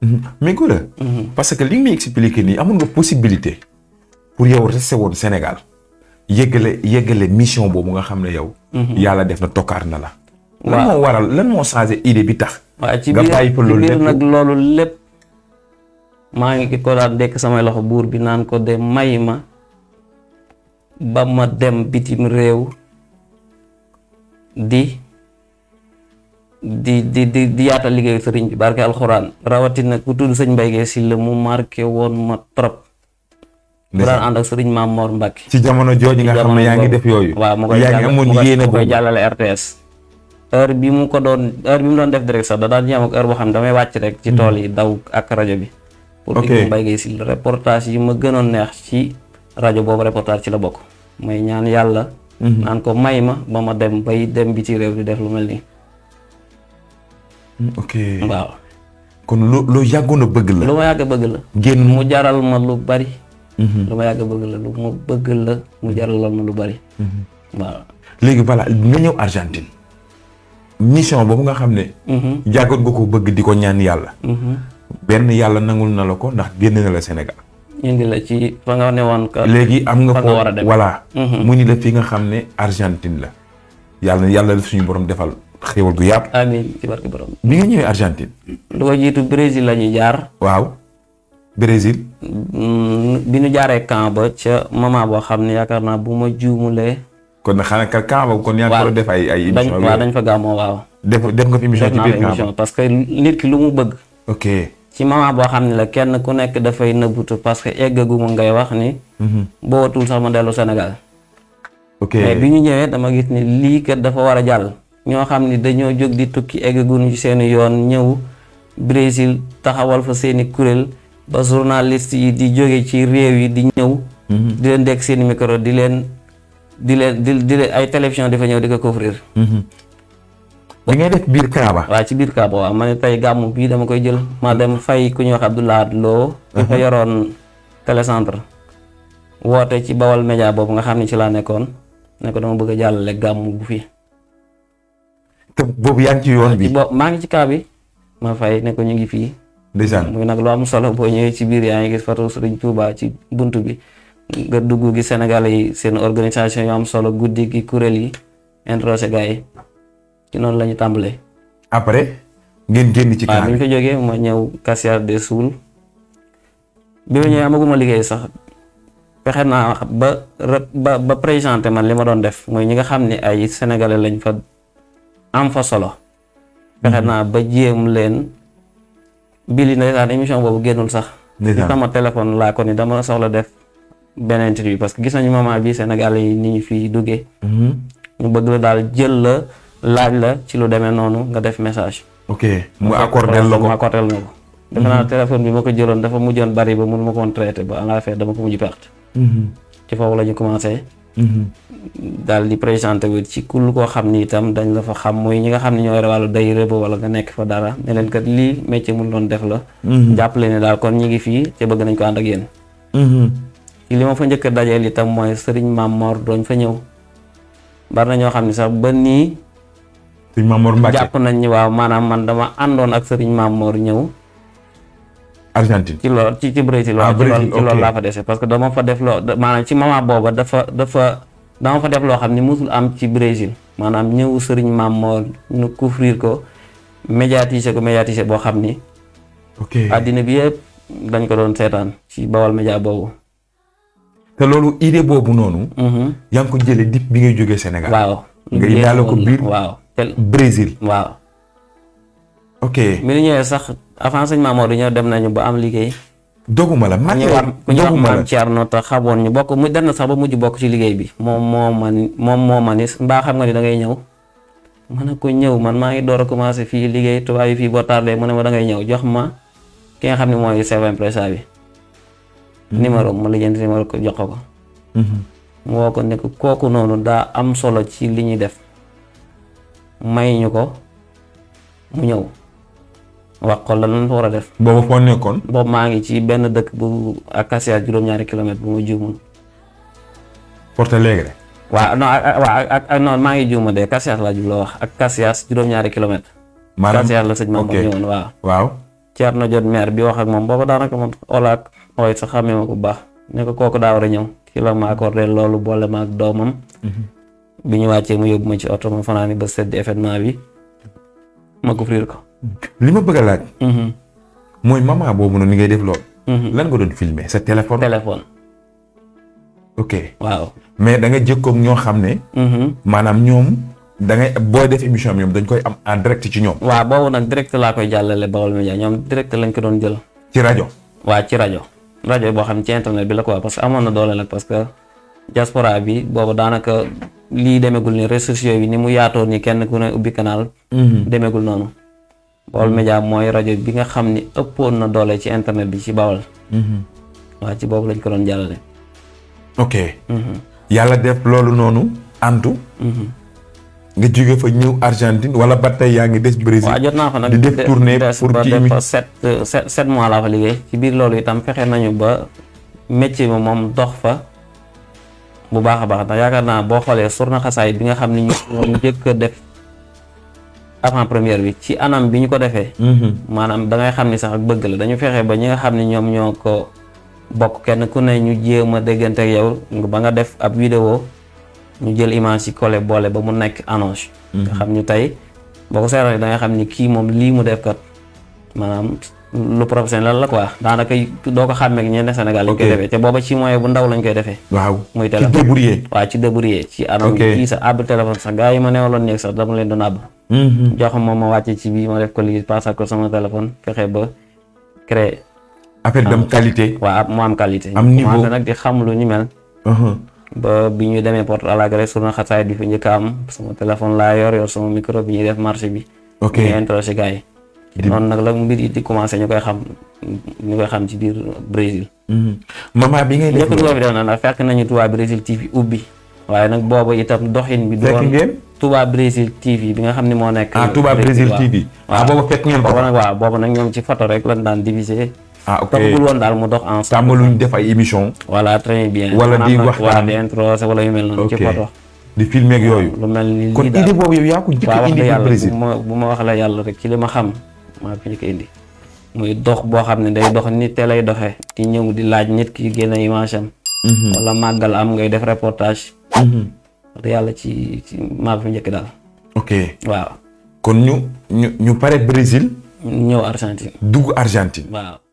Mm-hmm. mais mm-hmm. parce que li nga may expliqué nii amoon nga possibilité pour yow rester woon Sénégal yëggale yëggale mission boobu nga xam ne yow. Mm-hmm. yàlla def na tokkaar na la. lan moo lan moo changé idée bi tax. nga bàyyi ko loolu lépp waaw ci biir nag loolu lépp. maa ngi ko daan dekk samay loxo buur bi naan ko de may ma ba ma dem bitim réew di di di di di yaatal liggéeyu sëriñ bi barke rawati na ku tudd sëñ Mbaye Guèye Sylla mu marqué woon ma trop. bu daan ànd ak sëriñ Maam Mor Mbacke. ci jamono jooju nga xam ne yaa ngi def yooyu. waaw mu koy jàll mu koy jàllale RTS. heure bi mu ko doon heure bi mu doon def direct sax da daan ñëw ak heure boo xam ne damay wàcc rek. ci hmm. tool yi daw ak rajo bi. pour Ibu Mbaye Guèye Sylla reportage yi ma gënoon neex ci rajo boobu reportage ci la bokk. may ñaan yàlla. Hmm. naan ko may ma ba ma dem bay dem bi ci réew di def lu mel nii. Hmm, ok waaw. kon lu lu yàggoon a bëgg la. lu ma yàgg bëgg la. génn mu jaral ma lu bari. Mhm. lu ma yàgg a bëgg la lu ma bëgg la mu mhm. jaral ma lu bari. Mhm. léegi voilà nga ñëw Argentine. mission boobu nga xam ne. jàggoon nga ko bëgg di ko ñaan yàlla. benn yàlla nangul na la ko ndax génn na la Sénégal. indi la ci fa nga ne woon ka léegi am nga ko voilà. mu ni la fi nga xam ne Argentine la. yàlla yàlla suñu borom defal. xéwal gu yàpp. amin ci barke borom. bi nga ñëwee Argentine. lu ko jiitu Brésil lañu jaar. waw Brésil. Mm, bi ñu jaaré camp ba ci mama bo xamni yakarna yaakaar naa bu ma juumulee. kon na xana ka camp ba kon ya ko def ay ay émission waaw dañ fa gamo waw def def nga fi émission ci bir camp parce que nit ki lu mu bëgg. ok ci mama bo xamni la kenn ku nekk da fay neubutu parce que eggaguma ngay wax ni. Mhm. bo watul sama delu dellu Sénégal. ok mais bi ñu ñëwee dama gis ni li ke dafa wara jall ñoo xam ni dañoo jóg di tukki eggaguñu ci seeni yoon ñëw Brésil taxawal fa seeni kuréel ba journaliste yi di jóge ci réew yi di ñëw mhm. di leen dekk seeni micro di leen di leen di di leen ay télévision dafa ñëw di ko couvrir mhm. da ngay def biir Kaaba. waaw ci biir Kaaba waaw ma ne tey gàmmu bii dama koy jël ma dem fay ku ñuy wax Abdoulaye Lo di mhm. ko yoroon télécentre woote ci Bawal Média boobu nga xam ne ci laa nekkoon ne ko dama bëgg a jàllale gàmmu bu fii te boobu yaa ngi ci yoon bi boobu maa ngi ci kaa ma fay ne ñu ngi fii ndeysaan muy nag lu am solo boo ñëwee ci biir yaa ngi gis photo Sëriñ Tuuba ci bunt bi nga dugg gi Sénégal yi seen organisation yu am solo guddi gi kuréel yi introsé gars yi ci noonu lañu ñu tàmbalee après ngeen génn ci kaa bi waaw bi ñu ñëw casier de suul bi ma ñëwee amaguma liggéey sax fexe naa ba ba ba présenté li ma doon def mooy ñi nga xam ne ay sénégalais lañ fa am fa solo fexe mhm. naa ba jéem leen bili ndeysaan émission boobu génnul sax ci sama téléphone laa ko ni dama soxla def beneen titre bi parce que gis nañu moment bi Sénégal yi ni ñu fi duggee mu mhm. bëgg la daal jël la laaj la ci lu demee noonu nga def message ok mu accordel la ko mu na ko naa téléphone bi ma ko jëloon dafa mujjoon bari ba mënu ma ko woon traité ba à dama ko mujj perte mhm. ci foofu la ñu Mm-hmm. daal di présente wu ci kul koo xam ni itam dañ la fa xam mooy ñi nga xam ne ñoo yore wàllu day rëbb wala nga nekk fa dara ne leen kat lii métier mu doon def la. Mm-hmm. jàppale ne daal kon ñi ngi fii te bëgg nañ ko ànd ak yéen. Mm-hmm. ci li ma fa njëkk a dajeel mooy sëriñ Maam Mor dooñ fa ñëw bari na ñoo xam ne sax ba nii. sëriñ Maam Mor Mbacke jàpp nañ ni waaw maanaam man dama àndoon ak sëriñ Maam Mor ñëw. Argentine ci lool ci ci Brésil waaw ci lool ah, ci loolu laa fa dese parce que dama fa def loo maanaam ci moment booba dafa dafa dama fa def loo xam musul am ci Brésil maanaam ñëw sëriñ maam moo ñu couvrir ko médiatiser ko médiatiser boo xam ok àddina bi yëpp dañ ko doon seetaan ci bawal média boobu te loolu idée boobu noonu mhm. ko dip bi ngay Sénégal waaw nga ko waaw Brésil waaw ok mi sax avant seigne Mamadou ñëw dem nañu ba am liggéey. doguma la mag war ku ñu am maam Thierno xabon ñu bokku mu den na sax ba muju bokku ci liggéey bi mom moo man moom moo manis ba xam nga ni da ngay ñew ma ne ko ñëw man ma ngi door commencer fi fii liggéey tubaab yi fi bo tardé mu ne ma da ngay ñew jox ma ki nga xam moy mooy chef impresa bi. Hmm. numéro ma la jënd numéro ko jox ko. Hmm. mu woo ko nek koku nonu da am solo ci li def may ñuko ko mu ñëw waqol la lan fa def. bo foo nekkon bo ma ngi ci ben dekk bu akasia juróom-ñaari kilomètre bu ma juumul. porte legre wa no, wa ak non maa ngi juuma de akasia la jubloo wax ak Caxias ñaari kilomètre. maanaam Caxias la sëñ ma ñewon wa waaw. waaw Thierno jot maire bi wax ak moom booba daanaka mom olak moy sa xamé ma bax ne ko koku da wara ñew ki la ma accordé lolu bolé ma ak domam mhm. biñu wacce mu yobuma ci auto ma fanani ba sedd événement bi ma couvrir ko. li ma bëgg a laaj. Mhm. mooy maman boobu noonu ni ngay def lool. Mhm. lan nga doon filmer sa téléphone. téléphone. ok waaw mais da nga jëkkoog ñoo xam ne. Mhm. maanaam ñoom da ngay booy def émission am ñoom dañ koy am en direct ci ñoom. waaw boobu nag direct laa koy jàllale Baol Média ñoom direct lañ ko doon jël. ci rajo. waaw ci rajo rajo boo xam ci internet bi la quoi parce que amoon na doole nag parce que diaspora bi boobu daanaka lii demeegul ni réseaux sociaux yi ni mu yaatoo ni kenn ku ne ubbi canal. demegul Baol media moy rajo bi nga xamni ni na doole ci internet bi ci hmm wa ci bobu lañ ko doon jallale ok. hmm yalla def lolu nonu andu hmm nga jige fa ñew Argentine wala batay yaangi yaa des Brésil. wa jot na fa nak di def tourner pour kii mi ba euh, sept mois la fa liggéey ci biir lolu itam fexé nañu ba métier mo mom dox fa bu baax a baax ndax yaakaar naa boo xoolee surna xasaay bi nga xam ni ñu njëkk a def avant première bi ci anam bi ñu ko defee. manam mhm. da ngay xamni sax ak bëgg la dañu fexé ba ñi nga xam ne ñoom ñoo bokk kenn ku ne ñu jéem dégënté ak yow ba nga def ab vidéo ñu jël image ci collé bolé ba mu nekk annonce. Mhm. nga xamni tay boko séral da nga xamni ki mom li mu def kat manam lu professionnel la quoi daanaka do ko xamé ñi né Sénégal lañ koy défé té booba ci moyen bu ndaw lañ koy défé waaw muy téléphone ci débrouiller. wa ci débrouiller ci anam kii sa ab téléphone sa gaay ma néwalon ñek sax dama leen do nab jox mom ma wàcc ci bi ma def ko liggéey passé ko sama téléphone fexé ba créer. affaire bi qualité. wa mo am qualité. am niveau uh-huh. nak di xam lu ñu mel. ba bi ñu à la Alegre sur na xataay di fi ñëk am sama téléphone la yor yor sama micro bi ñuy def marché bi. ok ñu interroger gars yi. la mbir yi di commencer ñu xam ñu koy xam ci bir Brésil. mama bi ngay def do fi def na nag fekk nañu tuwa Brésil TV ubi waye nak boobu itam doxine bi. doon tubaa Brésil TV bi nga xam ne moo nekk. tubaa ah, Touba Brésil TV. Ah, waaw boobu fekk ngeen ko. waaw boobu nag ñoom ci photo rek lañ daan diviser. ah ok toppagul woon daal mu dox en. tàmbaluñ def ay émission voilà très bien. wala di waxtaan di introsé wala yu mel noonu ci photo. di yooyu. lu mel ni kon idée boobu a indi Brésil ma wax la yàlla rek ci li ma xam maa ko njëkk dox boo xam ne day dox nit te lay doxee. di ñëw di laaj nit ki génne image am. Mhm. wala màggal am ngay def reportage. Mhm. wax dëgg yàlla ci ci maa fi njëkk daal. ok waaw. kon ñu ñu ñu pare Brésil. ñëw Argentine. dugg Argentine waaw.